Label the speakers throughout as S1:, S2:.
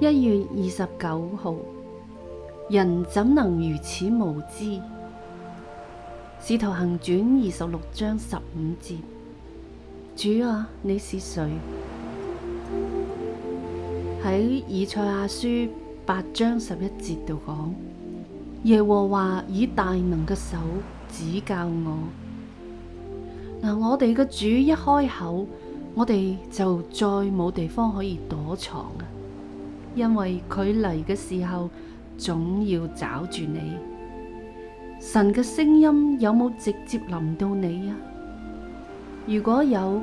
S1: 一月二十九號，人怎能如此無知？使徒行傳二十六章十五節，主啊，你是誰？喺以賽亞書八章十一節度講，耶和華以大能嘅手指教我。嗱，我哋嘅主一開口。我哋就再冇地方可以躲藏啊！因為佢嚟嘅時候，總要找住你。神嘅聲音有冇直接臨到你啊？如果有，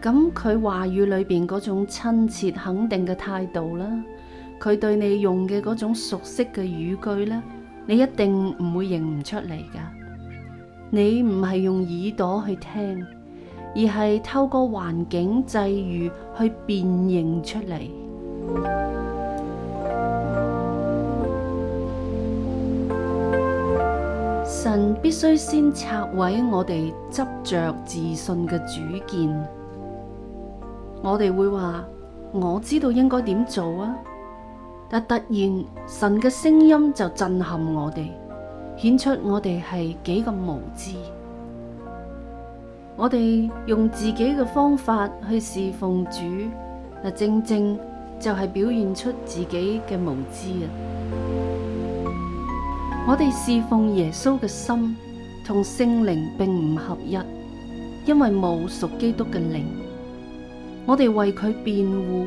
S1: 咁佢話語裏邊嗰種親切肯定嘅態度啦，佢對你用嘅嗰種熟悉嘅語句咧，你一定唔會認唔出嚟噶。你唔係用耳朵去聽。而係透過環境際遇去辨認出嚟。神必須先拆毀我哋執着自信嘅主見，我哋會話我知道應該點做啊，但突然神嘅聲音就震撼我哋，顯出我哋係幾咁無知。我哋用自己嘅方法去侍奉主，嗱，正正就係表現出自己嘅無知啊！我哋侍奉耶穌嘅心同聖靈並唔合一，因為冇屬基督嘅靈。我哋為佢辯護，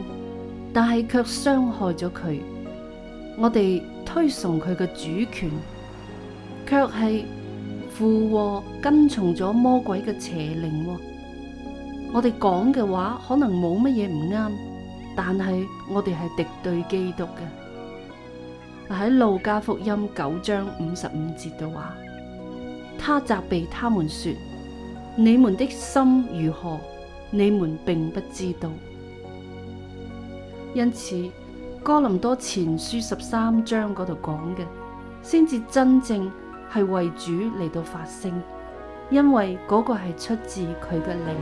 S1: 但係卻傷害咗佢。我哋推崇佢嘅主權，卻係。附和跟從咗魔鬼嘅邪靈，我哋講嘅話可能冇乜嘢唔啱，但係我哋係敵對基督嘅。喺路加福音九章五十五節嘅話，他責備他們說：你們的心如何，你們並不知道。因此哥林多前書十三章嗰度講嘅，先至真正。係為主嚟到發聲，因為嗰個係出自佢嘅靈。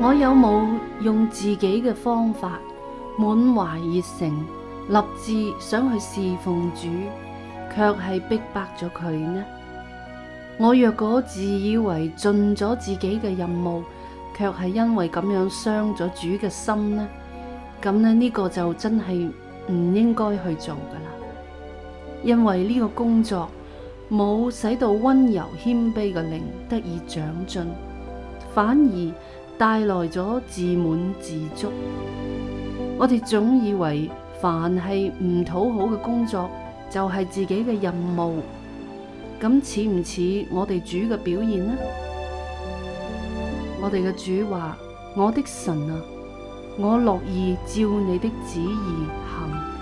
S1: 我有冇用自己嘅方法，滿懷熱誠，立志想去侍奉主，卻係逼迫咗佢呢？我若果自以為盡咗自己嘅任務。卻係因為咁樣傷咗主嘅心呢？咁呢呢個就真係唔應該去做噶啦，因為呢個工作冇使到溫柔謙卑嘅靈得以長進，反而帶來咗自滿自足。我哋總以為凡係唔討好嘅工作就係自己嘅任務，咁似唔似我哋主嘅表現呢？我哋嘅主話，我的神啊，我樂意照你的旨意行。